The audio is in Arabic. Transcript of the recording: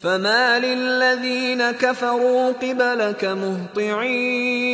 فما للذين كفروا قبلك مهطعين